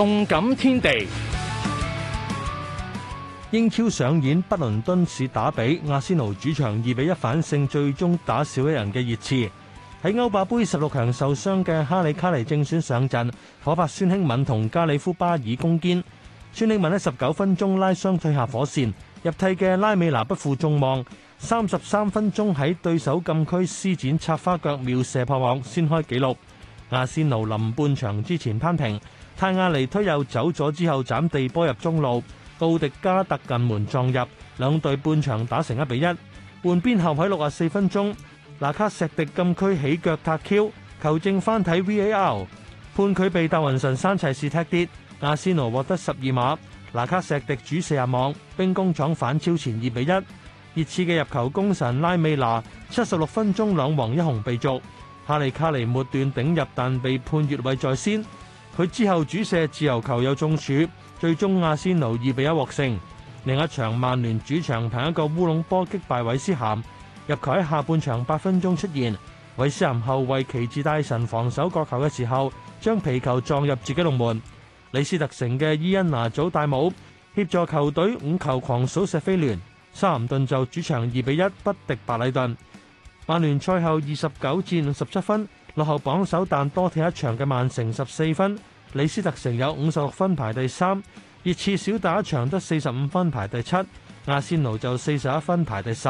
動感天地英超上演，北倫敦市打吡，阿仙奴主場二比一反勝，最終打少一人嘅熱刺。喺歐霸盃十六強受傷嘅哈里卡尼正選上陣，夥拍孫興敏同加里夫巴爾攻堅。孫興敏喺十九分鐘拉傷退下火線，入替嘅拉美拿不負眾望，三十三分鐘喺對手禁區施展插花腳妙射破網，先開紀錄。阿仙奴臨半場之前攀平。泰亞尼推右走咗之後，斬地波入中路。奧迪加特近門撞入，兩隊半場打成一比一。換邊後喺六十四分鐘，拿卡石迪禁區起腳踏 Q，球證翻睇 VAR，判佢被達雲神山齊士踢跌。阿仙奴獲得十二碼，拿卡石迪主四十網，兵工廠反超前二比一。熱刺嘅入球功臣拉美拿七十六分鐘兩黃一紅被逐。哈利卡尼末段頂入，但被判越位在先。佢之後主射自由球又中柱，最終阿仙奴二比一獲勝。另一場曼聯主場憑一個烏龍波擊敗韋斯咸，入球喺下半場八分鐘出現。韋斯咸後衞旗字帶神防守角球嘅時候，將皮球撞入自己龍門。李斯特城嘅伊恩拿祖戴帽，協助球隊五球狂掃錫菲聯。修咸頓就主場二比一不敵白禮頓。曼聯賽後二十九戰五十七分。落後榜首但多踢一場嘅曼城十四分，李斯特城有五十六分排第三，熱刺少打一場得四十五分排第七，阿仙奴就四十一分排第十。